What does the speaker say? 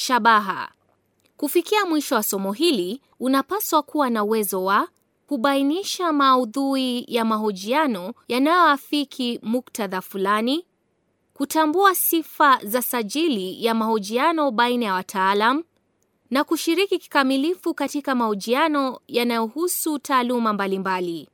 Shabaha. Kufikia mwisho wa somo hili, unapaswa kuwa na uwezo wa kubainisha maudhui ya mahojiano yanayoafiki muktadha fulani, kutambua sifa za sajili ya mahojiano baina ya wataalam na kushiriki kikamilifu katika mahojiano yanayohusu taaluma mbalimbali.